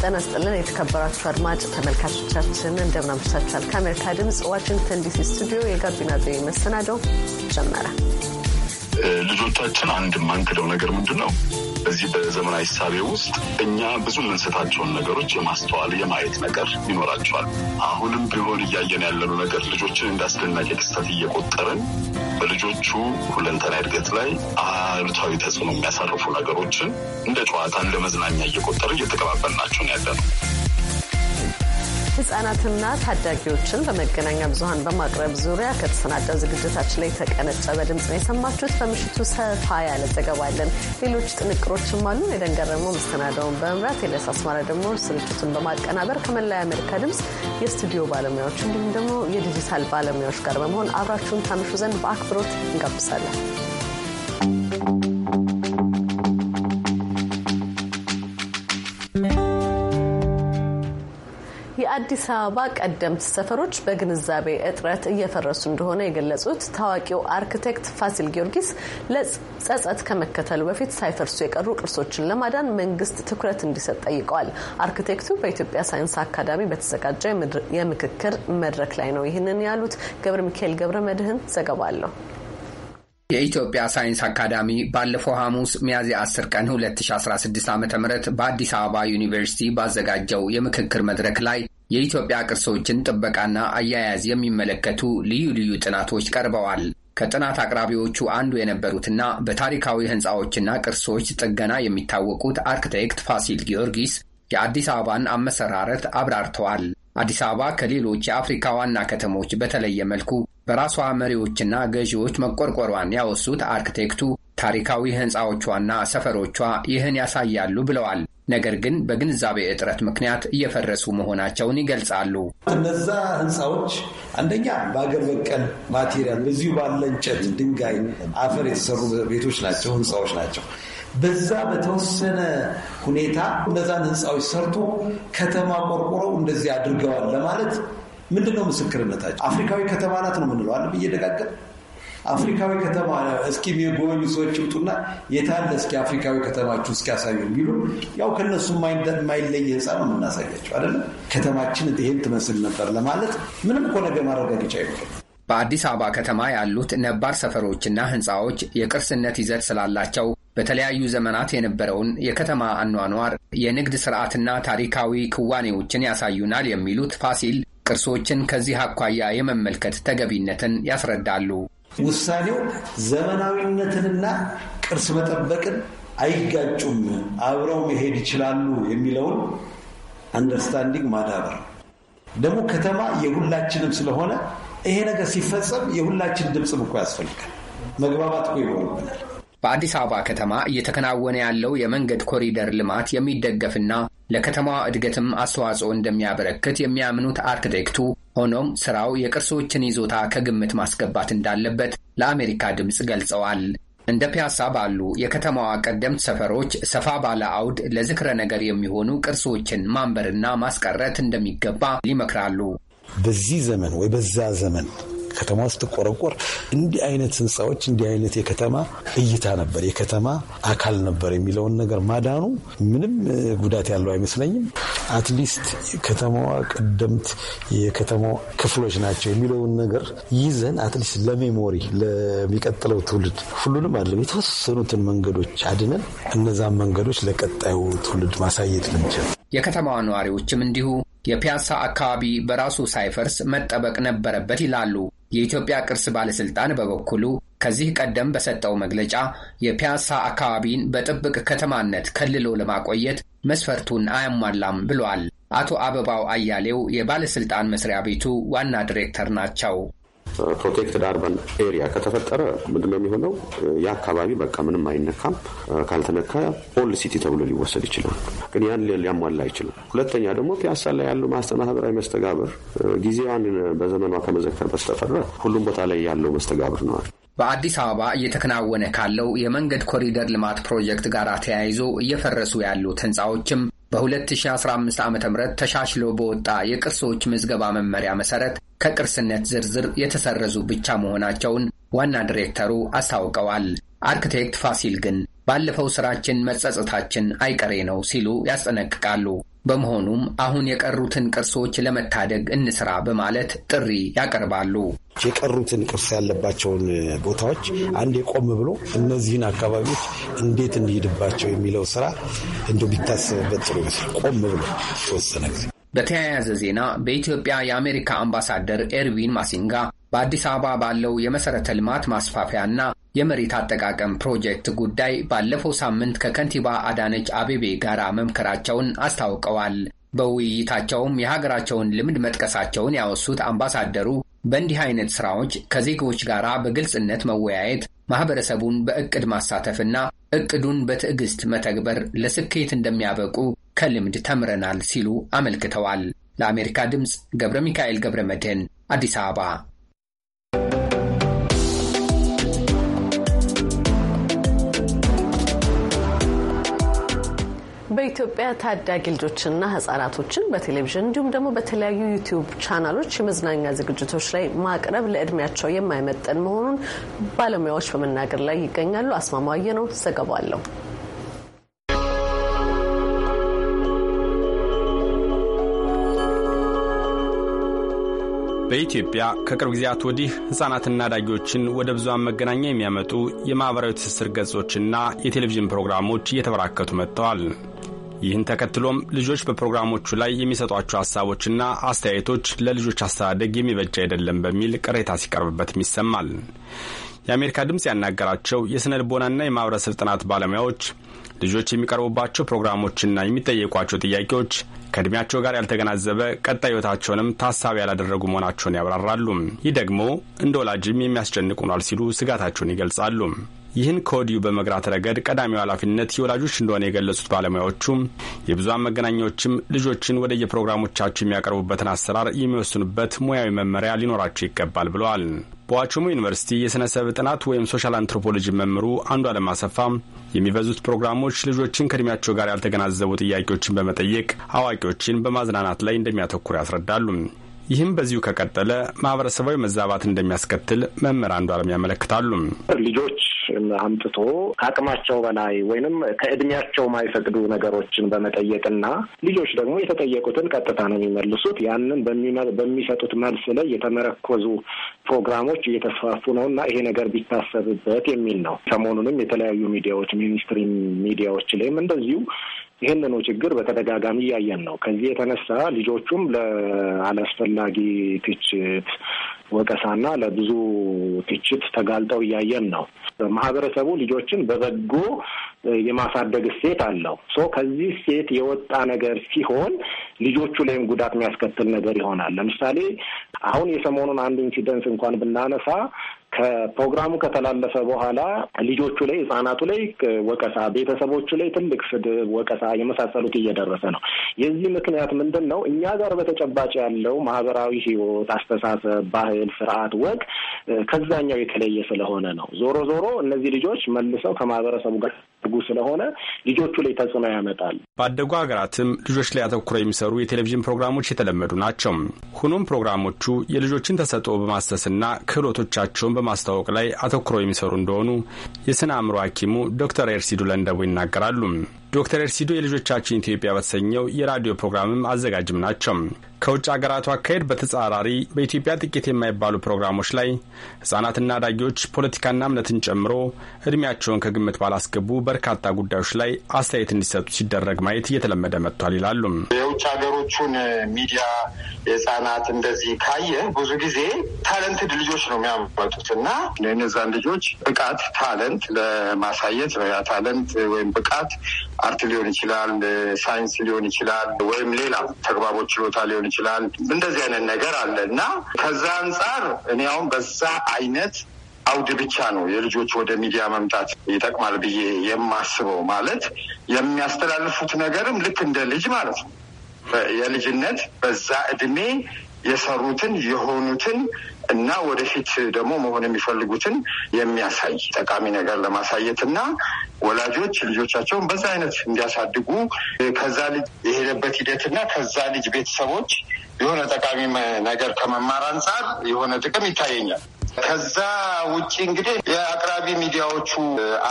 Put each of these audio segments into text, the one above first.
ጤና ይስጥልን የተከበራችሁ አድማጭ ተመልካቾቻችን እንደምን አምሽታችኋል። ከአሜሪካ ድምፅ ዋሽንግተን ዲሲ ስቱዲዮ የጋቢና ዜ መሰናደው ጀመረ። ልጆቻችን አንድ የማንክደው ነገር ምንድን ነው? በዚህ በዘመናዊ ሳቤ ውስጥ እኛ ብዙ የምንሰታቸውን ነገሮች የማስተዋል የማየት ነገር ይኖራቸዋል። አሁንም ቢሆን እያየን ያለነው ነገር ልጆችን እንዳስደናቂ ክስተት እየቆጠርን በልጆቹ ሁለንተና እድገት ላይ አሉታዊ ተጽዕኖ የሚያሳርፉ ነገሮችን እንደ ጨዋታ እንደ መዝናኛ እየቆጠረ እየተቀባበልናቸው ያለ ነው። ህጻናትና ታዳጊዎችን በመገናኛ ብዙኃን በማቅረብ ዙሪያ ከተሰናዳ ዝግጅታችን ላይ የተቀነጨበ ድምጽ ነው የሰማችሁት። በምሽቱ ሰፋ ያለ ዘገባ አለን። ሌሎች ጥንቅሮችም አሉ። የደንገረመው መሰናዳውን በመምራት የለስ አስማራ ደግሞ ስርጭቱን በማቀናበር ከመላው የአሜሪካ ድምፅ የስቱዲዮ ባለሙያዎች እንዲሁም ደግሞ የዲጂታል ባለሙያዎች ጋር በመሆን አብራችሁን ታምሹ ዘንድ በአክብሮት እንጋብዛለን። የአዲስ አበባ ቀደምት ሰፈሮች በግንዛቤ እጥረት እየፈረሱ እንደሆነ የገለጹት ታዋቂው አርክቴክት ፋሲል ጊዮርጊስ ለጸጸት ከመከተሉ በፊት ሳይፈርሱ የቀሩ ቅርሶችን ለማዳን መንግስት ትኩረት እንዲሰጥ ጠይቀዋል። አርክቴክቱ በኢትዮጵያ ሳይንስ አካዳሚ በተዘጋጀ የምክክር መድረክ ላይ ነው ይህንን ያሉት። ገብረ ሚካኤል ገብረ መድህን ዘገባ አለው። የኢትዮጵያ ሳይንስ አካዳሚ ባለፈው ሐሙስ ሚያዝያ 10 ቀን 2016 ዓ ም በአዲስ አበባ ዩኒቨርሲቲ ባዘጋጀው የምክክር መድረክ ላይ የኢትዮጵያ ቅርሶችን ጥበቃና አያያዝ የሚመለከቱ ልዩ ልዩ ጥናቶች ቀርበዋል። ከጥናት አቅራቢዎቹ አንዱ የነበሩትና በታሪካዊ ሕንፃዎችና ቅርሶች ጥገና የሚታወቁት አርክቴክት ፋሲል ጊዮርጊስ የአዲስ አበባን አመሰራረት አብራርተዋል። አዲስ አበባ ከሌሎች የአፍሪካ ዋና ከተሞች በተለየ መልኩ በራሷ መሪዎችና ገዢዎች መቆርቆሯን ያወሱት አርክቴክቱ ታሪካዊ ህንፃዎቿና ሰፈሮቿ ይህን ያሳያሉ ብለዋል። ነገር ግን በግንዛቤ እጥረት ምክንያት እየፈረሱ መሆናቸውን ይገልጻሉ። እነዛ ህንፃዎች አንደኛ በአገር በቀል ማቴሪያል በዚሁ ባለ እንጨት፣ ድንጋይ፣ አፈር የተሰሩ ቤቶች ናቸው፣ ህንፃዎች ናቸው። በዛ በተወሰነ ሁኔታ እነዛን ህንፃዎች ሰርቶ ከተማ ቆርቆረው እንደዚህ አድርገዋል ለማለት ምንድን ነው ምስክርነታቸው? አፍሪካዊ ከተማ ናት ነው ምንለዋል ብዬ ደጋገም አፍሪካዊ ከተማ እስኪ የጎበኙ ሰዎች ይውጡና የታለ እስኪ አፍሪካዊ ከተማችሁ እስኪ ያሳዩ የሚሉ ያው ከነሱ የማይለይ ህንፃ ነው የምናሳያቸው አይደለም። ከተማችን ይሄን ትመስል ነበር ለማለት ምንም እኮ ነገር ማረጋገጫ አይሆንም። በአዲስ አበባ ከተማ ያሉት ነባር ሰፈሮችና ህንፃዎች የቅርስነት ይዘት ስላላቸው በተለያዩ ዘመናት የነበረውን የከተማ አኗኗር፣ የንግድ ስርዓትና ታሪካዊ ክዋኔዎችን ያሳዩናል የሚሉት ፋሲል ቅርሶችን ከዚህ አኳያ የመመልከት ተገቢነትን ያስረዳሉ። ውሳኔው ዘመናዊነትንና ቅርስ መጠበቅን አይጋጩም፣ አብረው መሄድ ይችላሉ የሚለውን አንደርስታንዲንግ ማዳበር ደግሞ ከተማ የሁላችንም ስለሆነ ይሄ ነገር ሲፈጸም የሁላችን ድምፅም እኮ ያስፈልጋል። መግባባት እኮ ይሆንብናል። በአዲስ አበባ ከተማ እየተከናወነ ያለው የመንገድ ኮሪደር ልማት የሚደገፍና ለከተማዋ እድገትም አስተዋጽኦ እንደሚያበረክት የሚያምኑት አርክቴክቱ፣ ሆኖም ስራው የቅርሶችን ይዞታ ከግምት ማስገባት እንዳለበት ለአሜሪካ ድምፅ ገልጸዋል። እንደ ፒያሳ ባሉ የከተማዋ ቀደምት ሰፈሮች ሰፋ ባለ አውድ ለዝክረ ነገር የሚሆኑ ቅርሶችን ማንበርና ማስቀረት እንደሚገባ ይመክራሉ። በዚህ ዘመን ወይ በዛ ዘመን ከተማ ስትቆረቆር እንዲህ አይነት ህንፃዎች እንዲህ አይነት የከተማ እይታ ነበር፣ የከተማ አካል ነበር የሚለውን ነገር ማዳኑ ምንም ጉዳት ያለው አይመስለኝም። አትሊስት ከተማዋ ቀደምት የከተማዋ ክፍሎች ናቸው የሚለውን ነገር ይዘን አትሊስት ለሜሞሪ ለሚቀጥለው ትውልድ ሁሉንም አይደለም የተወሰኑትን መንገዶች አድነን እነዛን መንገዶች ለቀጣዩ ትውልድ ማሳየት ልንችል የከተማዋ ነዋሪዎችም እንዲሁ የፒያሳ አካባቢ በራሱ ሳይፈርስ መጠበቅ ነበረበት ይላሉ። የኢትዮጵያ ቅርስ ባለስልጣን በበኩሉ ከዚህ ቀደም በሰጠው መግለጫ የፒያሳ አካባቢን በጥብቅ ከተማነት ከልሎ ለማቆየት መስፈርቱን አያሟላም ብሏል። አቶ አበባው አያሌው የባለስልጣን መስሪያ ቤቱ ዋና ዲሬክተር ናቸው። ፕሮቴክትድ አርባን ኤሪያ ከተፈጠረ ምንድነው የሚሆነው? ያ አካባቢ በቃ ምንም አይነካም። ካልተነካ ኦልድ ሲቲ ተብሎ ሊወሰድ ይችላል። ግን ያን ሊያሟላ አይችልም። ሁለተኛ ደግሞ ፒያሳ ላይ ያለው ማህበራዊ መስተጋብር ጊዜዋን በዘመኗ ከመዘከር በስተፈረ ሁሉም ቦታ ላይ ያለው መስተጋብር ነዋል። በአዲስ አበባ እየተከናወነ ካለው የመንገድ ኮሪደር ልማት ፕሮጀክት ጋር ተያይዞ እየፈረሱ ያሉት ህንፃዎችም በ2015 ዓ ም ተሻሽሎ በወጣ የቅርሶች ምዝገባ መመሪያ መሠረት ከቅርስነት ዝርዝር የተሰረዙ ብቻ መሆናቸውን ዋና ዲሬክተሩ አስታውቀዋል። አርክቴክት ፋሲል ግን ባለፈው ስራችን መጸጸታችን አይቀሬ ነው ሲሉ ያስጠነቅቃሉ። በመሆኑም አሁን የቀሩትን ቅርሶች ለመታደግ እንስራ በማለት ጥሪ ያቀርባሉ። የቀሩትን ቅርስ ያለባቸውን ቦታዎች አንዴ ቆም ብሎ እነዚህን አካባቢዎች እንዴት እንሄድባቸው የሚለው ስራ እንዲ ቢታሰብበት ጥሩ ይመስላል። ቆም ብሎ ተወሰነ ጊዜ። በተያያዘ ዜና በኢትዮጵያ የአሜሪካ አምባሳደር ኤርቪን ማሲንጋ በአዲስ አበባ ባለው የመሠረተ ልማት ማስፋፊያና የመሬት አጠቃቀም ፕሮጀክት ጉዳይ ባለፈው ሳምንት ከከንቲባ አዳነች አቤቤ ጋር መምከራቸውን አስታውቀዋል። በውይይታቸውም የሀገራቸውን ልምድ መጥቀሳቸውን ያወሱት አምባሳደሩ በእንዲህ አይነት ሥራዎች ከዜጎች ጋር በግልጽነት መወያየት፣ ማህበረሰቡን በእቅድ ማሳተፍና እቅዱን በትዕግስት መተግበር ለስኬት እንደሚያበቁ ከልምድ ተምረናል ሲሉ አመልክተዋል። ለአሜሪካ ድምፅ ገብረ ሚካኤል ገብረ መድህን አዲስ አበባ በኢትዮጵያ ታዳጊ ልጆችና ህጻናቶችን በቴሌቪዥን እንዲሁም ደግሞ በተለያዩ ዩቲዩብ ቻናሎች የመዝናኛ ዝግጅቶች ላይ ማቅረብ ለእድሜያቸው የማይመጠን መሆኑን ባለሙያዎች በመናገር ላይ ይገኛሉ። አስማማየ ነው ዘገባለሁ። በኢትዮጵያ ከቅርብ ጊዜያት ወዲህ ሕፃናትና አዳጊዎችን ወደ ብዙሃን መገናኛ የሚያመጡ የማኅበራዊ ትስስር ገጾችና የቴሌቪዥን ፕሮግራሞች እየተበራከቱ መጥተዋል። ይህን ተከትሎም ልጆች በፕሮግራሞቹ ላይ የሚሰጧቸው ሀሳቦችና አስተያየቶች ለልጆች አስተዳደግ የሚበጃ አይደለም በሚል ቅሬታ ሲቀርብበትም ይሰማል። የአሜሪካ ድምፅ ያናገራቸው የሥነ ልቦናና የማህበረሰብ ጥናት ባለሙያዎች ልጆች የሚቀርቡባቸው ፕሮግራሞችና የሚጠየቋቸው ጥያቄዎች ከእድሜያቸው ጋር ያልተገናዘበ ቀጣይ ሕይወታቸውንም ታሳቢ ያላደረጉ መሆናቸውን ያብራራሉ። ይህ ደግሞ እንደ ወላጅም የሚያስጨንቅ ሲሉ ስጋታቸውን ይገልጻሉ። ይህን ከወዲሁ በመግራት ረገድ ቀዳሚው ኃላፊነት የወላጆች እንደሆነ የገለጹት ባለሙያዎቹም የብዙሃን መገናኛዎችም ልጆችን ወደ የፕሮግራሞቻቸው የሚያቀርቡበትን አሰራር የሚወስኑበት ሙያዊ መመሪያ ሊኖራቸው ይገባል ብለዋል። በዋቸሞ ዩኒቨርሲቲ የሥነ ሰብ ጥናት ወይም ሶሻል አንትሮፖሎጂ መምሩ አንዱ አለም አሰፋ የሚበዙት ፕሮግራሞች ልጆችን ከእድሜያቸው ጋር ያልተገናዘቡ ጥያቄዎችን በመጠየቅ አዋቂዎችን በማዝናናት ላይ እንደሚያተኩር ያስረዳሉ። ይህም በዚሁ ከቀጠለ ማህበረሰባዊ መዛባት እንደሚያስከትል መምህር አንዱ አለም ያመለክታሉ። ልጆች አምጥቶ ከአቅማቸው በላይ ወይንም ከእድሜያቸው ማይፈቅዱ ነገሮችን በመጠየቅና ልጆች ደግሞ የተጠየቁትን ቀጥታ ነው የሚመልሱት። ያንን በሚሰጡት መልስ ላይ የተመረኮዙ ፕሮግራሞች እየተስፋፉ ነው እና ይሄ ነገር ቢታሰብበት የሚል ነው። ሰሞኑንም የተለያዩ ሚዲያዎች ሚኒስትሪ ሚዲያዎች ላይም እንደዚሁ ይህንኑ ችግር በተደጋጋሚ እያየን ነው። ከዚህ የተነሳ ልጆቹም ለአላስፈላጊ ትችት፣ ወቀሳና ለብዙ ትችት ተጋልጠው እያየን ነው። ማህበረሰቡ ልጆችን በበጎ የማሳደግ እሴት አለው። ሶ ከዚህ እሴት የወጣ ነገር ሲሆን ልጆቹ ላይም ጉዳት የሚያስከትል ነገር ይሆናል። ለምሳሌ አሁን የሰሞኑን አንድ ኢንሲደንስ እንኳን ብናነሳ ከፕሮግራሙ ከተላለፈ በኋላ ልጆቹ ላይ ህጻናቱ ላይ ወቀሳ፣ ቤተሰቦቹ ላይ ትልቅ ስድብ፣ ወቀሳ የመሳሰሉት እየደረሰ ነው። የዚህ ምክንያት ምንድን ነው? እኛ ጋር በተጨባጭ ያለው ማህበራዊ ህይወት፣ አስተሳሰብ፣ ባህል፣ ስርዓት፣ ወግ ከዛኛው የተለየ ስለሆነ ነው። ዞሮ ዞሮ እነዚህ ልጆች መልሰው ከማህበረሰቡ ጋር ጉ ስለሆነ ልጆቹ ላይ ተጽዕኖ ያመጣል። ባደጉ ሀገራትም ልጆች ላይ አተኩረው የሚሰሩ የቴሌቪዥን ፕሮግራሞች የተለመዱ ናቸው። ሆኖም ፕሮግራሞቹ የልጆችን ተሰጥኦ በማሰስና ክህሎቶቻቸውን በማስተዋወቅ ላይ አተኩረው የሚሰሩ እንደሆኑ የስነ አእምሮ ሐኪሙ ዶክተር ኤርሲዱ ለንደቡ ይናገራሉ። ዶክተር ኤርሲዶ የልጆቻችን ኢትዮጵያ በተሰኘው የራዲዮ ፕሮግራምም አዘጋጅም ናቸው። ከውጭ አገራቱ አካሄድ በተጻራሪ በኢትዮጵያ ጥቂት የማይባሉ ፕሮግራሞች ላይ ሕጻናትና አዳጊዎች ፖለቲካና እምነትን ጨምሮ እድሜያቸውን ከግምት ባላስገቡ በርካታ ጉዳዮች ላይ አስተያየት እንዲሰጡ ሲደረግ ማየት እየተለመደ መጥቷል ይላሉ። የውጭ ሀገሮቹን ሚዲያ የሕጻናት እንደዚህ ካየ ብዙ ጊዜ ታለንትድ ልጆች ነው የሚያመጡት እና እነዛን ልጆች ብቃት ታለንት ለማሳየት ነው ያ ታለንት ወይም ብቃት አርት ሊሆን ይችላል፣ ሳይንስ ሊሆን ይችላል፣ ወይም ሌላ ተግባቦች ችሎታ ሊሆን ይችላል። እንደዚህ አይነት ነገር አለ እና ከዛ አንጻር እኔ አሁን በዛ አይነት አውድ ብቻ ነው የልጆች ወደ ሚዲያ መምጣት ይጠቅማል ብዬ የማስበው። ማለት የሚያስተላልፉት ነገርም ልክ እንደ ልጅ ማለት ነው። የልጅነት በዛ እድሜ የሰሩትን የሆኑትን እና ወደፊት ደግሞ መሆን የሚፈልጉትን የሚያሳይ ጠቃሚ ነገር ለማሳየት እና ወላጆች ልጆቻቸውን በዛ አይነት እንዲያሳድጉ ከዛ ልጅ የሄደበት ሂደት እና ከዛ ልጅ ቤተሰቦች የሆነ ጠቃሚ ነገር ከመማር አንጻር የሆነ ጥቅም ይታየኛል። ከዛ ውጭ እንግዲህ የአቅራቢ ሚዲያዎቹ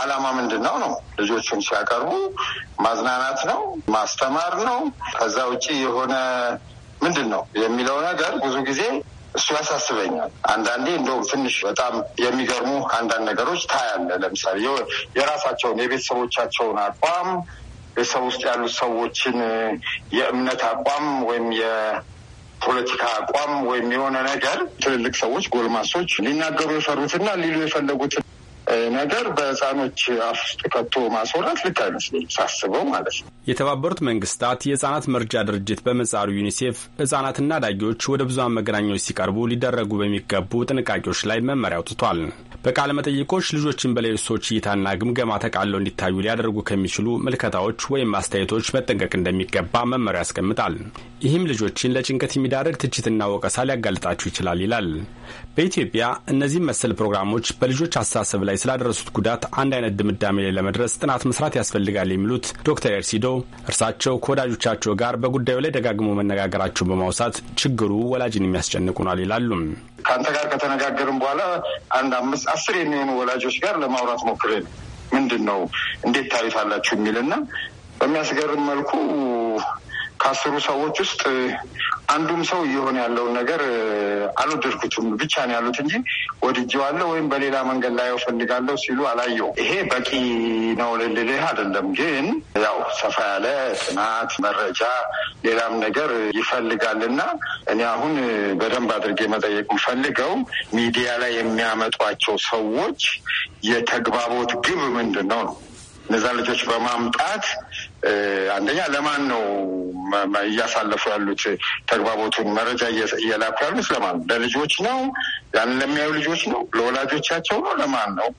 ዓላማ ምንድን ነው ነው ልጆቹን ሲያቀርቡ ማዝናናት ነው፣ ማስተማር ነው። ከዛ ውጭ የሆነ ምንድን ነው የሚለው ነገር ብዙ ጊዜ እሱ ያሳስበኛል። አንዳንዴ እንደውም ትንሽ በጣም የሚገርሙ አንዳንድ ነገሮች ታያለ። ለምሳሌ የራሳቸውን የቤተሰቦቻቸውን አቋም ቤተሰብ ውስጥ ያሉት ሰዎችን የእምነት አቋም ወይም ፖለቲካ አቋም ወይም የሆነ ነገር ትልልቅ ሰዎች ጎልማሶች ሊናገሩ የፈሩትና ሊሉ የፈለጉትን ነገር በህፃኖች አፍ ውስጥ ከቶ ማስወራት ልክ አይመስለኝ ሳስበው ማለት ነው። የተባበሩት መንግስታት የህጻናት መርጃ ድርጅት በምህጻሩ ዩኒሴፍ ህጻናትና አዳጊዎች ወደ ብዙሃን መገናኛዎች ሲቀርቡ ሊደረጉ በሚገቡ ጥንቃቄዎች ላይ መመሪያ አውጥቷል። በቃለ መጠይቆች ልጆችን በሌሎች ሰዎች እይታና ግምገማ ተቃለው እንዲታዩ ሊያደርጉ ከሚችሉ ምልከታዎች ወይም አስተያየቶች መጠንቀቅ እንደሚገባ መመሪያ ያስቀምጣል። ይህም ልጆችን ለጭንቀት የሚዳርግ ትችትና ወቀሳ ሊያጋልጣቸው ይችላል ይላል። በኢትዮጵያ እነዚህ መሰል ፕሮግራሞች በልጆች አስተሳሰብ ላይ ስላደረሱት ጉዳት አንድ አይነት ድምዳሜ ላይ ለመድረስ ጥናት መስራት ያስፈልጋል የሚሉት ዶክተር ኤርሲዶ እርሳቸው ከወዳጆቻቸው ጋር በጉዳዩ ላይ ደጋግሞ መነጋገራቸውን በማውሳት ችግሩ ወላጅን የሚያስጨንቁናል ይላሉ። ከአንተ ጋር ከተነጋገርም በኋላ አንድ አምስት አስር የሚሆኑ ወላጆች ጋር ለማውራት ሞክሬ ምንድን ነው እንዴት ታሪፍ አላችሁ የሚልና በሚያስገርም መልኩ ከአስሩ ሰዎች ውስጥ አንዱም ሰው እየሆነ ያለውን ነገር አልወደድኩትም ብቻ ነው ያሉት እንጂ ወድጄዋለሁ ወይም በሌላ መንገድ ላየው ፈልጋለሁ ሲሉ አላየው። ይሄ በቂ ነው ልልህ አይደለም፣ ግን ያው ሰፋ ያለ ጥናት መረጃ፣ ሌላም ነገር ይፈልጋልና እኔ አሁን በደንብ አድርጌ መጠየቅ ምፈልገው ሚዲያ ላይ የሚያመጧቸው ሰዎች የተግባቦት ግብ ምንድን ነው ነው እነዛ ልጆች በማምጣት አንደኛ ለማን ነው እያሳለፉ ያሉት ተግባቦቱን መረጃ እየላኩ ያሉት ለማን ነው? ለልጆች ነው? ያን ለሚያዩ ልጆች ነው? ለወላጆቻቸው ነው? ለማን ነው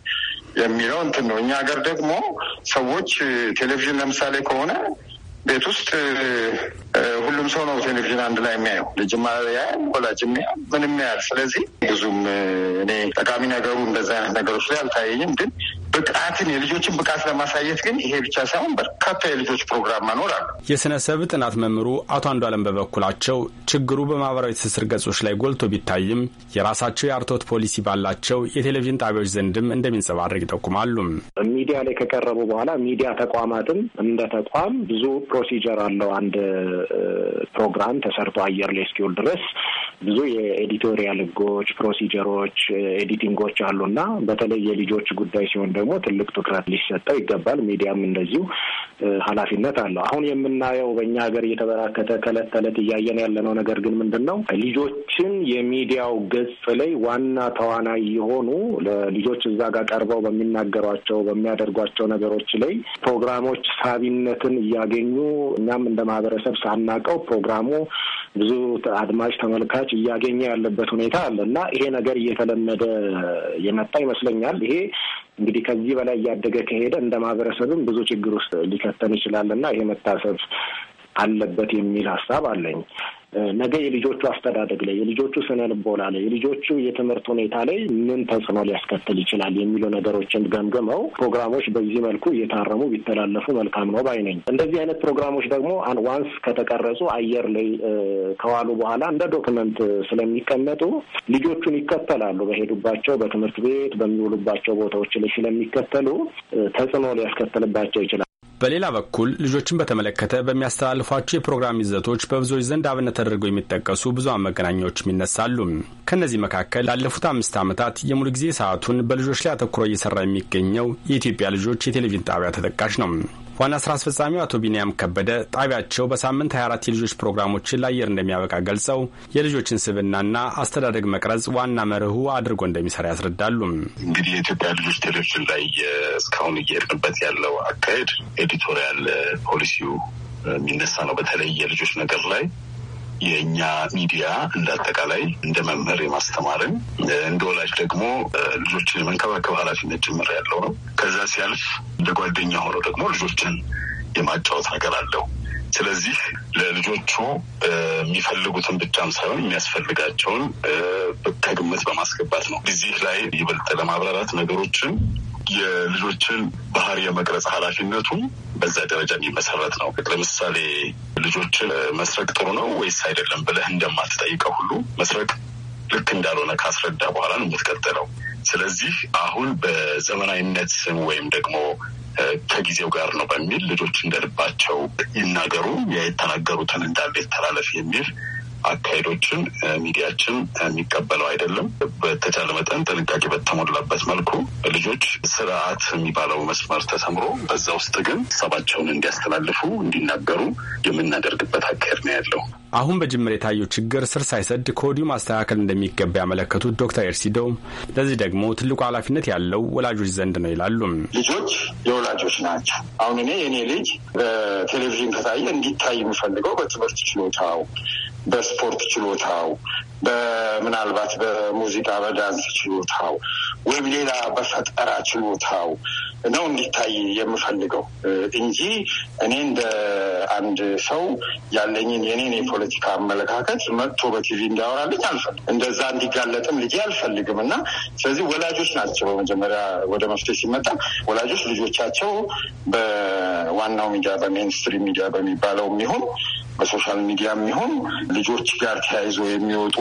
የሚለው እንትን ነው። እኛ ሀገር ደግሞ ሰዎች ቴሌቪዥን ለምሳሌ ከሆነ ቤት ውስጥ ሁሉም ሰው ነው ቴሌቪዥን አንድ ላይ የሚያየው። ልጅም ያያል፣ ወላጅም ያያል፣ ምንም ያያል። ስለዚህ ብዙም እኔ ጠቃሚ ነገሩ እንደዚ አይነት ነገሮች ላይ አልታየኝም። ግን ብቃትን የልጆችን ብቃት ለማሳየት ግን ይሄ ብቻ ሳይሆን በርካታ የልጆች ፕሮግራም መኖር አለ። ሰብ ጥናት መምህሩ አቶ አንዱ አለም በበኩላቸው ችግሩ በማህበራዊ ትስስር ገጾች ላይ ጎልቶ ቢታይም የራሳቸው የአርቶት ፖሊሲ ባላቸው የቴሌቪዥን ጣቢያዎች ዘንድም እንደሚንጸባረቅ ይጠቁማሉ። ሚዲያ ላይ ከቀረቡ በኋላ ሚዲያ ተቋማትም እንደ ተቋም ብዙ ፕሮሲጀር አለው። አንድ ፕሮግራም ተሰርቶ አየር ላይ እስኪውል ድረስ ብዙ የኤዲቶሪያል ህጎች፣ ፕሮሲጀሮች፣ ኤዲቲንጎች አሉና በተለይ የልጆች ጉዳይ ሲሆን ደግሞ ደግሞ ትልቅ ትኩረት ሊሰጠው ይገባል። ሚዲያም እንደዚሁ ኃላፊነት አለው። አሁን የምናየው በእኛ ሀገር እየተበራከተ ከእለት ተዕለት እያየን ያለነው ነገር ግን ምንድን ነው ልጆችን የሚዲያው ገጽ ላይ ዋና ተዋናይ የሆኑ ለልጆች እዛ ጋር ቀርበው በሚናገሯቸው በሚያደርጓቸው ነገሮች ላይ ፕሮግራሞች ሳቢነትን እያገኙ እኛም እንደ ማህበረሰብ ሳናቀው ፕሮግራሙ ብዙ አድማጭ ተመልካች እያገኘ ያለበት ሁኔታ አለ እና ይሄ ነገር እየተለመደ የመጣ ይመስለኛል። ይሄ እንግዲህ ከዚህ በላይ እያደገ ከሄደ እንደ ማህበረሰብም ብዙ ችግር ውስጥ ሊከተን ይችላል እና ይሄ መታሰብ አለበት የሚል ሀሳብ አለኝ። ነገ የልጆቹ አስተዳደግ ላይ፣ የልጆቹ ስነ ልቦና ላይ፣ የልጆቹ የትምህርት ሁኔታ ላይ ምን ተጽዕኖ ሊያስከትል ይችላል የሚሉ ነገሮችን ገምግመው ፕሮግራሞች በዚህ መልኩ እየታረሙ ቢተላለፉ መልካም ነው ባይ ነኝ። እንደዚህ አይነት ፕሮግራሞች ደግሞ ዋንስ ከተቀረጹ አየር ላይ ከዋሉ በኋላ እንደ ዶክመንት ስለሚቀመጡ ልጆቹን ይከተላሉ። በሄዱባቸው በትምህርት ቤት በሚውሉባቸው ቦታዎች ላይ ስለሚከተሉ ተጽዕኖ ሊያስከትልባቸው ይችላል። በሌላ በኩል ልጆችን በተመለከተ በሚያስተላልፏቸው የፕሮግራም ይዘቶች በብዙዎች ዘንድ አብነት ተደርገው የሚጠቀሱ ብዙሃን መገናኛዎችም ይነሳሉ። ከእነዚህ መካከል ላለፉት አምስት ዓመታት የሙሉ ጊዜ ሰዓቱን በልጆች ላይ አተኩሮ እየሰራ የሚገኘው የኢትዮጵያ ልጆች የቴሌቪዥን ጣቢያ ተጠቃሽ ነው። ዋና ስራ አስፈጻሚው አቶ ቢንያም ከበደ ጣቢያቸው በሳምንት 24 የልጆች ፕሮግራሞችን ለአየር እንደሚያበቃ ገልጸው የልጆችን ስብናና አስተዳደግ መቅረጽ ዋና መርሁ አድርጎ እንደሚሰራ ያስረዳሉ። እንግዲህ የኢትዮጵያ ልጆች ቴሌቪዥን ላይ እስካሁን እየሄድንበት ያለው አካሄድ ኤዲቶሪያል ፖሊሲው የሚነሳ ነው። በተለይ የልጆች ነገር ላይ የእኛ ሚዲያ እንደ አጠቃላይ እንደ መምህር የማስተማርን እንደ ወላጅ ደግሞ ልጆችን የመንከባከብ ኃላፊነት ጭምር ያለው ነው። ከዛ ሲያልፍ እንደ ጓደኛ ሆኖ ደግሞ ልጆችን የማጫወት ነገር አለው። ስለዚህ ለልጆቹ የሚፈልጉትን ብቻም ሳይሆን የሚያስፈልጋቸውን ከግምት በማስገባት ነው። እዚህ ላይ ይበልጥ ለማብራራት ነገሮችን የልጆችን ባህሪ የመቅረጽ ኃላፊነቱ በዛ ደረጃ የሚመሰረት ነው። ለምሳሌ ልጆችን መስረቅ ጥሩ ነው ወይስ አይደለም ብለህ እንደማትጠይቀው ሁሉ መስረቅ ልክ እንዳልሆነ ካስረዳ በኋላ ነው የምትቀጥለው። ስለዚህ አሁን በዘመናዊነት ስም ወይም ደግሞ ከጊዜው ጋር ነው በሚል ልጆች እንደልባቸው ይናገሩ፣ የተናገሩትን እንዳለ ይተላለፍ የሚል አካሄዶችን ሚዲያችን የሚቀበለው አይደለም። በተቻለ መጠን ጥንቃቄ በተሞላበት መልኩ ልጆች ስርዓት የሚባለው መስመር ተሰምሮ በዛ ውስጥ ግን ሰባቸውን እንዲያስተላልፉ እንዲናገሩ የምናደርግበት አካሄድ ነው ያለው። አሁን በጅምር የታየው ችግር ስር ሳይሰድ ከወዲሁ ማስተካከል እንደሚገባ ያመለከቱት ዶክተር ኤርሲዶ ለዚህ ደግሞ ትልቁ ኃላፊነት ያለው ወላጆች ዘንድ ነው ይላሉም። ልጆች የወላጆች ናቸው። አሁን እኔ የእኔ ልጅ በቴሌቪዥን ከታየ እንዲታይ የሚፈልገው በትምህርት ችሎታው፣ በስፖርት ችሎታው፣ ምናልባት በሙዚቃ በዳንስ ችሎታው ወይም ሌላ በፈጠራ ችሎታው ነው እንዲታይ የምፈልገው እንጂ እኔ እንደ አንድ ሰው ያለኝን የኔን የፖለቲካ አመለካከት መጥቶ በቲቪ እንዲያወራልኝ አልፈልግም። እንደዛ እንዲጋለጥም ልጄ አልፈልግም እና ስለዚህ ወላጆች ናቸው በመጀመሪያ ወደ መፍትሄ ሲመጣ ወላጆች ልጆቻቸው በዋናው ሚዲያ በሜንስትሪም ሚዲያ በሚባለው የሚሆን በሶሻል ሚዲያ ይሁን ልጆች ጋር ተያይዞ የሚወጡ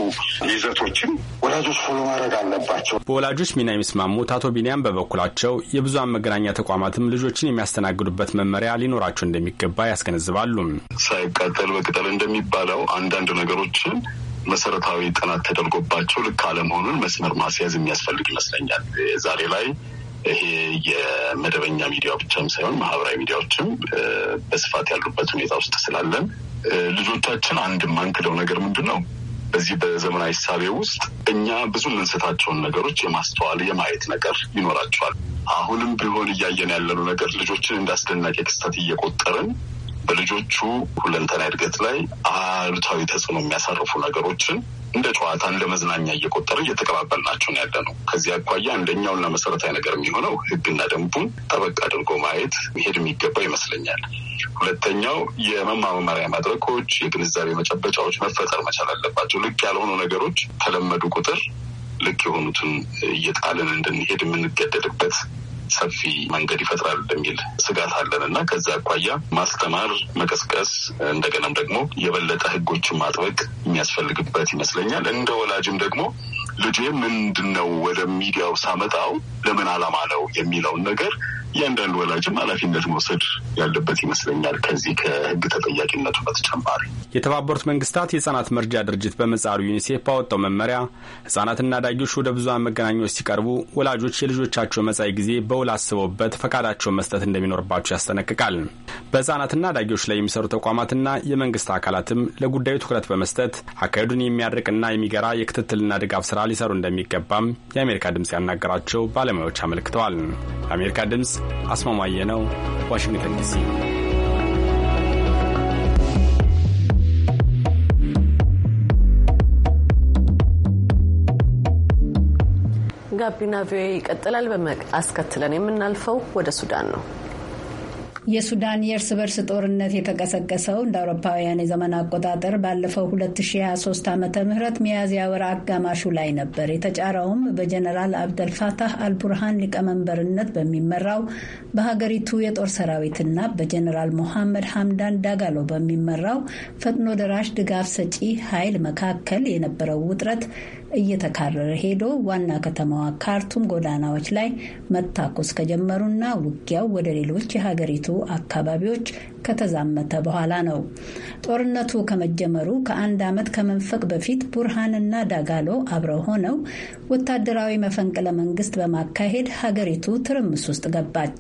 ይዘቶችን ወላጆች ፎሎ ማድረግ አለባቸው። በወላጆች ሚና የሚስማሙት አቶ ቢንያም በበኩላቸው የብዙሃን መገናኛ ተቋማትም ልጆችን የሚያስተናግዱበት መመሪያ ሊኖራቸው እንደሚገባ ያስገነዝባሉ። ሳይቃጠል በቅጠል እንደሚባለው አንዳንድ ነገሮችን መሰረታዊ ጥናት ተደርጎባቸው ልክ አለመሆኑን መስመር ማስያዝ የሚያስፈልግ ይመስለኛል ዛሬ ላይ ይሄ የመደበኛ ሚዲያ ብቻም ሳይሆን ማህበራዊ ሚዲያዎችም በስፋት ያሉበት ሁኔታ ውስጥ ስላለን ልጆቻችን አንድ የማንክለው ነገር ምንድን ነው በዚህ በዘመናዊ ሳቤ ውስጥ እኛ ብዙ የምንሰታቸውን ነገሮች የማስተዋል የማየት ነገር ይኖራቸዋል። አሁንም ቢሆን እያየን ያለነው ነገር ልጆችን እንዳስደናቂ ክስተት እየቆጠርን በልጆቹ ሁለንተና እድገት ላይ አሉታዊ ተጽዕኖ የሚያሳርፉ ነገሮችን እንደ ጨዋታ እንደ መዝናኛ እየቆጠረ ናቸው ነው ያለ ነው። ከዚህ አኳያ አንደኛውና መሰረታዊ ነገር የሚሆነው ህግና ደንቡን ጠበቅ አድርጎ ማየት መሄድ የሚገባ ይመስለኛል። ሁለተኛው የመማመሪያ መድረኮች፣ የግንዛቤ መጨበጫዎች መፈጠር መቻል አለባቸው። ልክ ያልሆኑ ነገሮች ተለመዱ ቁጥር ልክ የሆኑትን እየጣልን እንድንሄድ የምንገደድበት ሰፊ መንገድ ይፈጥራል የሚል ስጋት አለን እና ከዛ አኳያ ማስተማር፣ መቀስቀስ እንደገናም ደግሞ የበለጠ ህጎችን ማጥበቅ የሚያስፈልግበት ይመስለኛል። እንደ ወላጅም ደግሞ ልጄ ምንድን ነው ወደ ሚዲያው ሳመጣው ለምን አላማ ነው የሚለውን ነገር እያንዳንዱ ወላጅም ኃላፊነት መውሰድ ያለበት ይመስለኛል። ከዚህ ከህግ ተጠያቂነቱ በተጨማሪ የተባበሩት መንግስታት የህጻናት መርጃ ድርጅት በመጻሩ ዩኒሴፍ ባወጣው መመሪያ ህጻናትና አዳጊዎች ወደ ብዙሀን መገናኛዎች ሲቀርቡ ወላጆች የልጆቻቸው መጻኢ ጊዜ በውል አስበውበት ፈቃዳቸውን መስጠት እንደሚኖርባቸው ያስጠነቅቃል። በህጻናትና አዳጊዎች ላይ የሚሰሩ ተቋማትና የመንግስት አካላትም ለጉዳዩ ትኩረት በመስጠት አካሄዱን የሚያድርቅና የሚገራ የክትትልና ድጋፍ ስራ ሊሰሩ እንደሚገባም የአሜሪካ ድምጽ ያናገራቸው ባለሙያዎች አመልክተዋል። የአሜሪካ ድምጽ አስማማየ ነው፣ ዋሽንግተን ዲሲ። ጋቢና ቪኦኤ ይቀጥላል። አስከትለን የምናልፈው ወደ ሱዳን ነው። የሱዳን የእርስ በርስ ጦርነት የተቀሰቀሰው እንደ አውሮፓውያን የዘመን አቆጣጠር ባለፈው 2023 ዓ ም ሚያዝያ ወር አጋማሹ ላይ ነበር። የተጫረውም በጀነራል አብደልፋታህ አልቡርሃን ሊቀመንበርነት በሚመራው በሀገሪቱ የጦር ሰራዊትና በጀነራል ሞሐመድ ሐምዳን ዳጋሎ በሚመራው ፈጥኖ ደራሽ ድጋፍ ሰጪ ኃይል መካከል የነበረው ውጥረት እየተካረረ ሄዶ ዋና ከተማዋ ካርቱም ጎዳናዎች ላይ መታኮስ ከጀመሩና ውጊያው ወደ ሌሎች የሀገሪቱ አካባቢዎች ከተዛመተ በኋላ ነው። ጦርነቱ ከመጀመሩ ከአንድ ዓመት ከመንፈቅ በፊት ቡርሃንና ዳጋሎ አብረው ሆነው ወታደራዊ መፈንቅለ መንግስት በማካሄድ ሀገሪቱ ትርምስ ውስጥ ገባች።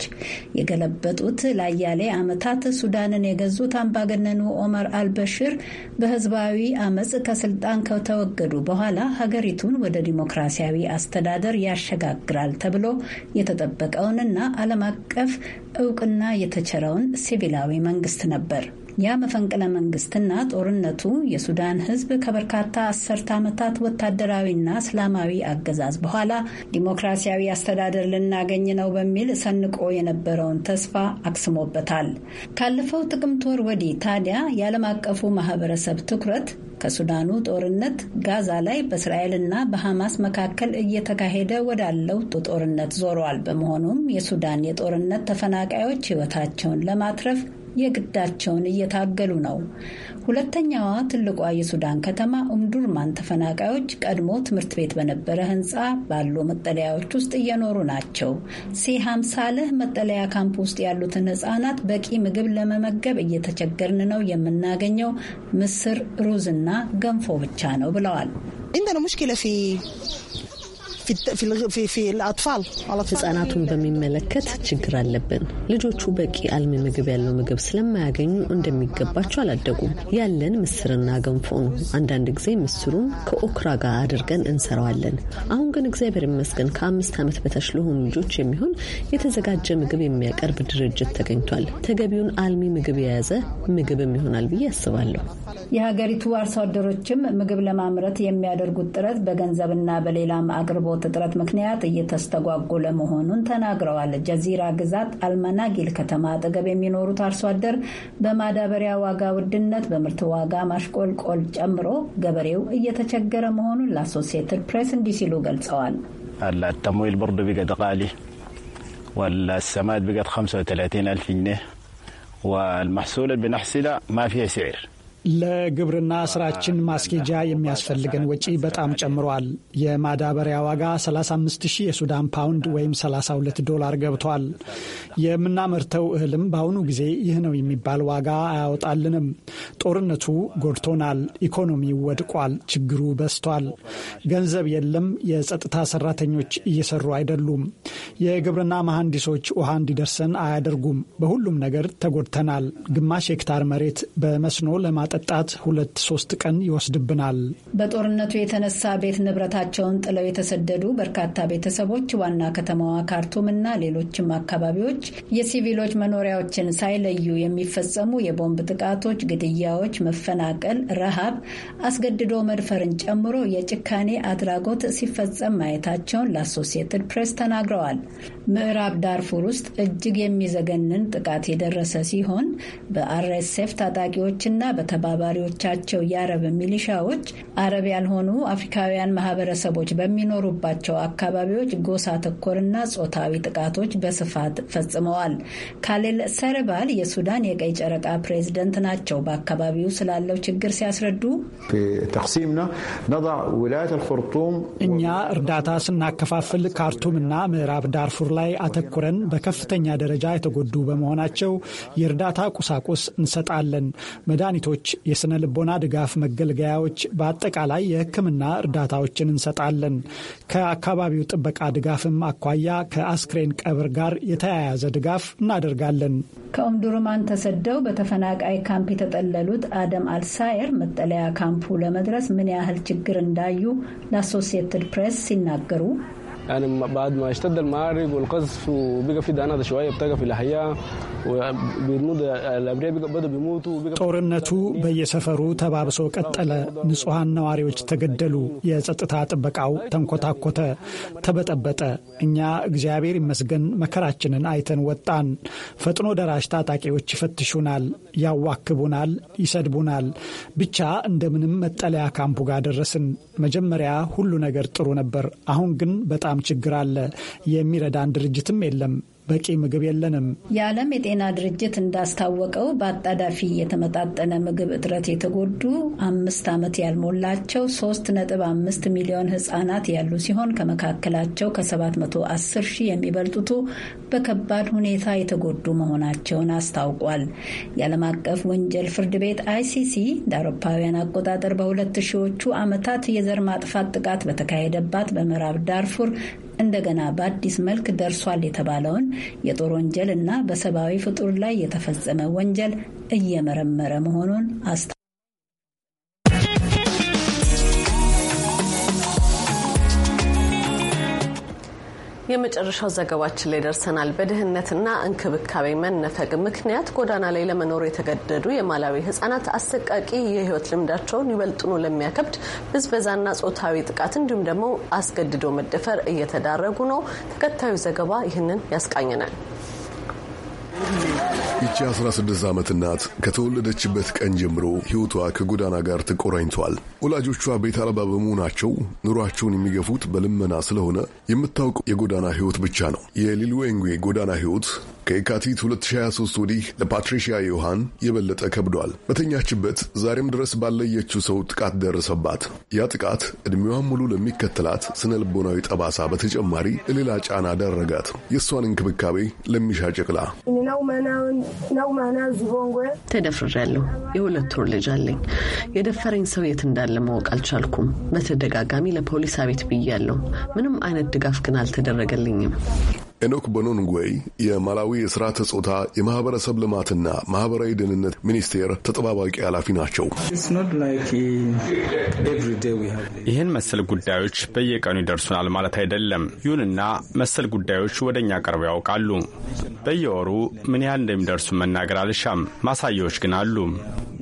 የገለበጡት ለአያሌ ዓመታት ሱዳንን የገዙት አምባገነኑ ኦመር አልበሽር በህዝባዊ አመፅ ከስልጣን ከተወገዱ በኋላ ሀገሪቱን ወደ ዲሞክራሲያዊ አስተዳደር ያሸጋግራል ተብሎ የተጠበቀውንና ዓለም አቀፍ እውቅና የተቸረውን ሲቪላዊ መንግስት ነበር። ያ መፈንቅለ መንግስትና ጦርነቱ የሱዳን ሕዝብ ከበርካታ አስርተ ዓመታት ወታደራዊና እስላማዊ አገዛዝ በኋላ ዲሞክራሲያዊ አስተዳደር ልናገኝ ነው በሚል ሰንቆ የነበረውን ተስፋ አክስሞበታል። ካለፈው ጥቅምት ወር ወዲህ ታዲያ የዓለም አቀፉ ማህበረሰብ ትኩረት ከሱዳኑ ጦርነት ጋዛ ላይ በእስራኤልና በሐማስ መካከል እየተካሄደ ወዳለው ጦርነት ዞሯል። በመሆኑም የሱዳን የጦርነት ተፈናቃዮች ሕይወታቸውን ለማትረፍ የግዳቸውን እየታገሉ ነው። ሁለተኛዋ ትልቋ የሱዳን ከተማ ኡምዱርማን ተፈናቃዮች ቀድሞ ትምህርት ቤት በነበረ ሕንፃ ባሉ መጠለያዎች ውስጥ እየኖሩ ናቸው። ሲሃም ሳልህ መጠለያ ካምፕ ውስጥ ያሉትን ሕጻናት በቂ ምግብ ለመመገብ እየተቸገርን ነው፣ የምናገኘው ምስር፣ ሩዝና ገንፎ ብቻ ነው ብለዋል። ፊል ህጻናቱን በሚመለከት ችግር አለብን። ልጆቹ በቂ አልሚ ምግብ ያለው ምግብ ስለማያገኙ እንደሚገባቸው አላደጉም። ያለን ምስርና ገንፎ ነው። አንዳንድ ጊዜ ምስሩን ከኦክራ ጋር አድርገን እንሰራዋለን። አሁን ግን እግዚአብሔር ይመስገን ከአምስት ዓመት በታች ለሆኑ ልጆች የሚሆን የተዘጋጀ ምግብ የሚያቀርብ ድርጅት ተገኝቷል። ተገቢውን አልሚ ምግብ የያዘ ምግብም ይሆናል ብዬ አስባለሁ። የሀገሪቱ አርሶ አደሮችም ምግብ ለማምረት የሚያደርጉት ጥረት በገንዘብና በሌላም አቅርቦት በአቅርቦት እጥረት ምክንያት እየተስተጓጎለ መሆኑን ተናግረዋል። ጀዚራ ግዛት አልመናጊል ከተማ አጠገብ የሚኖሩት አርሶ አደር በማዳበሪያ ዋጋ ውድነት፣ በምርት ዋጋ ማሽቆልቆል ጨምሮ ገበሬው እየተቸገረ መሆኑን ለአሶሲየትድ ፕሬስ እንዲህ ሲሉ ገልጸዋል። التمويل ብርዱ بقت ቃሊ والسماد بقت 35 ألف جنيه والمحصول اللي بنحصله ለግብርና ስራችን ማስኬጃ የሚያስፈልገን ወጪ በጣም ጨምሯል። የማዳበሪያ ዋጋ 35000 የሱዳን ፓውንድ ወይም 32 ዶላር ገብቷል። የምናመርተው እህልም በአሁኑ ጊዜ ይህ ነው የሚባል ዋጋ አያወጣልንም። ጦርነቱ ጎድቶናል። ኢኮኖሚው ወድቋል። ችግሩ በስቷል። ገንዘብ የለም። የጸጥታ ሰራተኞች እየሰሩ አይደሉም። የግብርና መሐንዲሶች ውሃ እንዲደርሰን አያደርጉም። በሁሉም ነገር ተጎድተናል። ግማሽ ሄክታር መሬት በመስኖ ለማ ጠጣት ሁለት ሶስት ቀን ይወስድብናል። በጦርነቱ የተነሳ ቤት ንብረታቸውን ጥለው የተሰደዱ በርካታ ቤተሰቦች ዋና ከተማዋ ካርቱም እና ሌሎችም አካባቢዎች የሲቪሎች መኖሪያዎችን ሳይለዩ የሚፈጸሙ የቦምብ ጥቃቶች፣ ግድያዎች፣ መፈናቀል፣ ረሃብ፣ አስገድዶ መድፈርን ጨምሮ የጭካኔ አድራጎት ሲፈጸም ማየታቸውን ለአሶሲየትድ ፕሬስ ተናግረዋል። ምዕራብ ዳርፉር ውስጥ እጅግ የሚዘገንን ጥቃት የደረሰ ሲሆን በአርኤስኤፍ ታጣቂዎችና በተ ተባባሪዎቻቸው የአረብ ሚሊሻዎች አረብ ያልሆኑ አፍሪካውያን ማህበረሰቦች በሚኖሩባቸው አካባቢዎች ጎሳ ተኮርና ጾታዊ ጥቃቶች በስፋት ፈጽመዋል። ካሌል ሰርባል የሱዳን የቀይ ጨረቃ ፕሬዝደንት ናቸው። በአካባቢው ስላለው ችግር ሲያስረዱ እኛ እርዳታ ስናከፋፍል ካርቱም እና ምዕራብ ዳርፉር ላይ አተኩረን በከፍተኛ ደረጃ የተጎዱ በመሆናቸው የእርዳታ ቁሳቁስ እንሰጣለን። መድኃኒቶች የሥነ ልቦና ድጋፍ መገልገያዎች፣ በአጠቃላይ የሕክምና እርዳታዎችን እንሰጣለን። ከአካባቢው ጥበቃ ድጋፍም አኳያ ከአስክሬን ቀብር ጋር የተያያዘ ድጋፍ እናደርጋለን። ከኦምዱርማን ተሰደው በተፈናቃይ ካምፕ የተጠለሉት አደም አልሳየር መጠለያ ካምፑ ለመድረስ ምን ያህል ችግር እንዳዩ ለአሶሲየትድ ፕሬስ ሲናገሩ يعني بعد ما اشتد المعارك والقذف وبقى في دعانات شويه بتلقى في الاحياء وبيموت الابرياء بدوا بيموቱ ጦርነቱ በየሰፈሩ ተባብሶ ቀጠለ። ንጹሐን ነዋሪዎች ተገደሉ። የጸጥታ ጥበቃው ተንኮታኮተ፣ ተበጠበጠ። እኛ እግዚአብሔር ይመስገን መከራችንን አይተን ወጣን። ፈጥኖ ደራሽ ታጣቂዎች ይፈትሹናል፣ ያዋክቡናል፣ ይሰድቡናል። ብቻ እንደምንም መጠለያ ካምፑ ጋር ደረስን። መጀመሪያ ሁሉ ነገር ጥሩ ነበር። አሁን ግን በጣም ችግር አለ የሚረዳን ድርጅትም የለም በቂ ምግብ የለንም። የዓለም የጤና ድርጅት እንዳስታወቀው በአጣዳፊ የተመጣጠነ ምግብ እጥረት የተጎዱ አምስት ዓመት ያልሞላቸው 3.5 ሚሊዮን ህጻናት ያሉ ሲሆን ከመካከላቸው ከ710 ሺህ የሚበልጡቱ በከባድ ሁኔታ የተጎዱ መሆናቸውን አስታውቋል። የዓለም አቀፍ ወንጀል ፍርድ ቤት አይሲሲ እንደ አውሮፓውያን አቆጣጠር በሁለት ሺዎቹ ዓመታት የዘር ማጥፋት ጥቃት በተካሄደባት በምዕራብ ዳርፉር እንደገና በአዲስ መልክ ደርሷል የተባለውን የጦር ወንጀል እና በሰብአዊ ፍጡር ላይ የተፈጸመ ወንጀል እየመረመረ መሆኑን አስታ የመጨረሻው ዘገባችን ላይ ደርሰናል። በድህነትና እንክብካቤ መነፈግ ምክንያት ጎዳና ላይ ለመኖር የተገደዱ የማላዊ ህጻናት አሰቃቂ የህይወት ልምዳቸውን ይበልጥኑ ለሚያከብድ ብዝበዛና ጾታዊ ጥቃት እንዲሁም ደግሞ አስገድዶ መደፈር እየተዳረጉ ነው። ተከታዩ ዘገባ ይህንን ያስቃኘናል። ይቺ 16 ዓመት እናት ከተወለደችበት ቀን ጀምሮ ሕይወቷ ከጎዳና ጋር ተቆራኝቷል። ወላጆቿ ቤት አልባ በመሆናቸው ኑሯቸውን የሚገፉት በልመና ስለሆነ የምታውቀው የጎዳና ሕይወት ብቻ ነው። የሊልዌንጌ ጎዳና ሕይወት ከየካቲት 2023 ወዲህ ለፓትሪሺያ ዮሐን የበለጠ ከብዷል። በተኛችበት ዛሬም ድረስ ባለየችው ሰው ጥቃት ደረሰባት። ያ ጥቃት ዕድሜዋን ሙሉ ለሚከተላት ስነ ልቦናዊ ጠባሳ በተጨማሪ ሌላ ጫና ዳረጋት። የእሷን እንክብካቤ ለሚሻ ጨቅላ ተደፍሬያለሁ። የሁለት ወር ልጅ አለኝ። የደፈረኝ ሰው የት እንዳለ ማወቅ አልቻልኩም። በተደጋጋሚ ለፖሊስ አቤት ብያለሁ። ምንም አይነት ድጋፍ ግን አልተደረገልኝም። ኤኖክ በኖንጎይ የማላዊ የስርዓተ ጾታ የማህበረሰብ ልማትና ማህበራዊ ደህንነት ሚኒስቴር ተጠባባቂ ኃላፊ ናቸው። ይህን መሰል ጉዳዮች በየቀኑ ይደርሱናል ማለት አይደለም። ይሁንና መሰል ጉዳዮች ወደ እኛ ቀርበው ያውቃሉ። በየወሩ ምን ያህል እንደሚደርሱ መናገር አልሻም። ማሳያዎች ግን አሉ።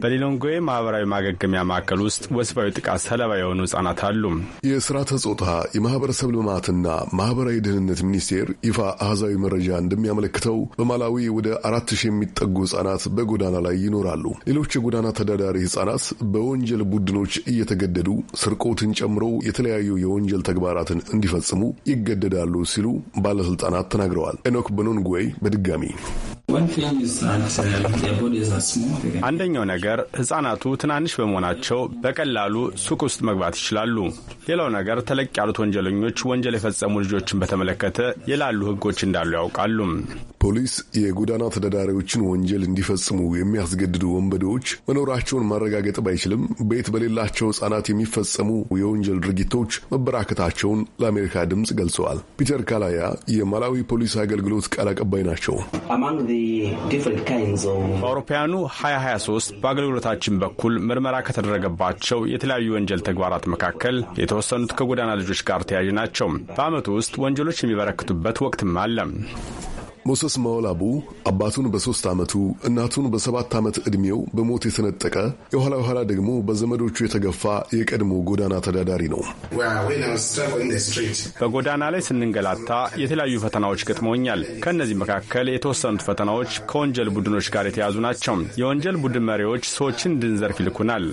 በሊሎንጎዌ ማህበራዊ ማገገሚያ ማዕከል ውስጥ ወሲባዊ ጥቃት ሰለባ የሆኑ ህጻናት አሉ። የስርዓተ ጾታ የማህበረሰብ ልማትና ማህበራዊ ደህንነት ሚኒስቴር ይፋ አህዛዊ መረጃ እንደሚያመለክተው በማላዊ ወደ አራት ሺህ የሚጠጉ ህጻናት በጎዳና ላይ ይኖራሉ። ሌሎች የጎዳና ተዳዳሪ ህጻናት በወንጀል ቡድኖች እየተገደዱ ስርቆትን ጨምሮ የተለያዩ የወንጀል ተግባራትን እንዲፈጽሙ ይገደዳሉ ሲሉ ባለስልጣናት ተናግረዋል። ኤኖክ በኖንጉዌይ በድጋሚ አንደኛው ነገር ህጻናቱ ትናንሽ በመሆናቸው በቀላሉ ሱቅ ውስጥ መግባት ይችላሉ። ሌላው ነገር ተለቅ ያሉት ወንጀለኞች ወንጀል የፈጸሙ ልጆችን በተመለከተ የላሉ ሕጎች እንዳሉ ያውቃሉ። ፖሊስ የጎዳና ተዳዳሪዎችን ወንጀል እንዲፈጽሙ የሚያስገድዱ ወንበዴዎች መኖራቸውን ማረጋገጥ ባይችልም ቤት በሌላቸው ህጻናት የሚፈጸሙ የወንጀል ድርጊቶች መበራከታቸውን ለአሜሪካ ድምፅ ገልጸዋል። ፒተር ካላያ የማላዊ ፖሊስ አገልግሎት ቃል አቀባይ ናቸው። አውሮፓውያኑ 2023 በአገልግሎታችን በኩል ምርመራ ከተደረገባቸው የተለያዩ ወንጀል ተግባራት መካከል የተወሰኑት ከጎዳና ልጆች ጋር ተያያዥ ናቸው። በዓመቱ ውስጥ ወንጀሎች የሚበረክቱበት ወቅትም አለ። ሞሰስ ማወላቡ አባቱን በሦስት ዓመቱ እናቱን በሰባት ዓመት ዕድሜው በሞት የተነጠቀ የኋላ የኋላ ደግሞ በዘመዶቹ የተገፋ የቀድሞ ጎዳና ተዳዳሪ ነው። በጎዳና ላይ ስንንገላታ የተለያዩ ፈተናዎች ገጥመውኛል። ከእነዚህ መካከል የተወሰኑት ፈተናዎች ከወንጀል ቡድኖች ጋር የተያዙ ናቸው። የወንጀል ቡድን መሪዎች ሰዎችን እንድንዘርፍ ይልኩናል።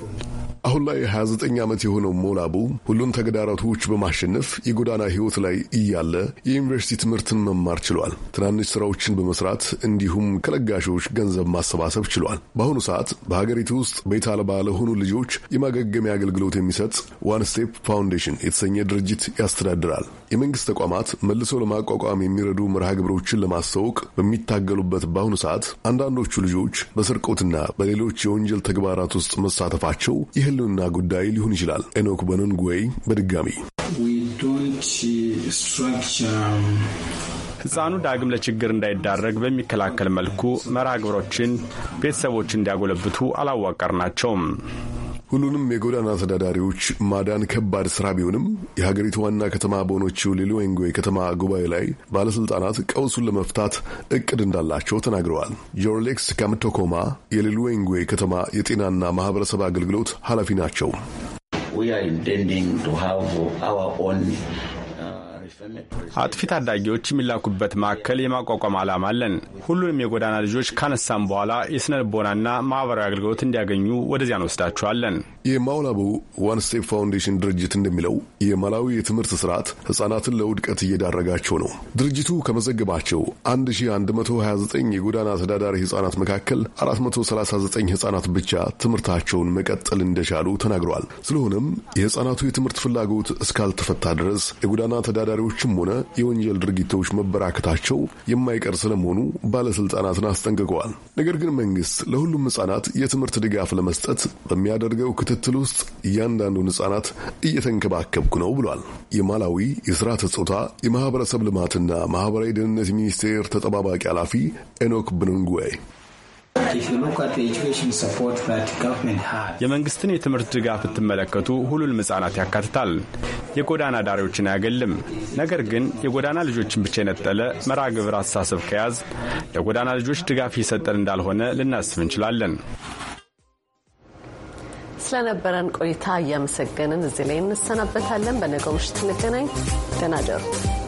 አሁን ላይ 29 ዓመት የሆነው ሞላቡ ሁሉን ተግዳሮቶች በማሸነፍ የጎዳና ሕይወት ላይ እያለ የዩኒቨርሲቲ ትምህርትን መማር ችሏል። ትናንሽ ስራዎችን በመስራት እንዲሁም ከለጋሾች ገንዘብ ማሰባሰብ ችሏል። በአሁኑ ሰዓት በሀገሪቱ ውስጥ ቤት አልባ ለሆኑ ልጆች የማገገሚያ አገልግሎት የሚሰጥ ዋን ስቴፕ ፋውንዴሽን የተሰኘ ድርጅት ያስተዳድራል። የመንግስት ተቋማት መልሶ ለማቋቋም የሚረዱ መርሃ ግብሮችን ለማስታወቅ በሚታገሉበት በአሁኑ ሰዓት አንዳንዶቹ ልጆች በስርቆትና በሌሎች የወንጀል ተግባራት ውስጥ መሳተፋቸው የህልውና ጉዳይ ሊሆን ይችላል። ኤኖክ በነንጉዌይ በድጋሚ um, ህፃኑ ዳግም ለችግር እንዳይዳረግ በሚከላከል መልኩ መርሃ ግብሮችን ቤተሰቦች እንዲያጎለብቱ አላዋቀርናቸውም። ሁሉንም የጎዳና ተዳዳሪዎች ማዳን ከባድ ስራ ቢሆንም የሀገሪቱ ዋና ከተማ በሆነችው ሌሎንግዌ ከተማ ጉባኤ ላይ ባለስልጣናት ቀውሱን ለመፍታት እቅድ እንዳላቸው ተናግረዋል። ጆርሌክስ ካምቶኮማ የሌሎንግዌ ከተማ የጤናና ማህበረሰብ አገልግሎት ኃላፊ ናቸው። አጥፊ ታዳጊዎች የሚላኩበት ማዕከል የማቋቋም ዓላማ አለን። ሁሉንም የጎዳና ልጆች ካነሳም በኋላ የስነ ልቦናና ማህበራዊ አገልግሎት እንዲያገኙ ወደዚያ እንወስዳቸዋለን። የማውላቡ ዋን ስቴፕ ፋውንዴሽን ድርጅት እንደሚለው የማላዊ የትምህርት ስርዓት ሕፃናትን ለውድቀት እየዳረጋቸው ነው። ድርጅቱ ከመዘገባቸው 1129 የጎዳና ተዳዳሪ ሕፃናት መካከል 439 ሕፃናት ብቻ ትምህርታቸውን መቀጠል እንደቻሉ ተናግረዋል። ስለሆነም የሕፃናቱ የትምህርት ፍላጎት እስካልተፈታ ድረስ የጎዳና ተዳዳሪዎች ወንጀሎችም ሆነ የወንጀል ድርጊቶች መበራከታቸው የማይቀር ስለመሆኑ ባለስልጣናትን አስጠንቅቀዋል። ነገር ግን መንግስት ለሁሉም ህጻናት የትምህርት ድጋፍ ለመስጠት በሚያደርገው ክትትል ውስጥ እያንዳንዱን ህጻናት እየተንከባከብኩ ነው ብሏል። የማላዊ የስራ ጾታ የማህበረሰብ ልማትና ማህበራዊ ደህንነት ሚኒስቴር ተጠባባቂ ኃላፊ ኤኖክ ብንንጉዌ የመንግስትን የትምህርት ድጋፍ ብትመለከቱ ሁሉንም ህጻናት ያካትታል። የጎዳና ዳሪዎችን አያገልም። ነገር ግን የጎዳና ልጆችን ብቻ የነጠለ መርሃ ግብር አስተሳሰብ ከያዝ ለጎዳና ልጆች ድጋፍ እየሰጠን እንዳልሆነ ልናስብ እንችላለን። ስለነበረን ቆይታ እያመሰገንን እዚህ ላይ እንሰናበታለን። በነገው ምሽት እንገናኝ። ደህና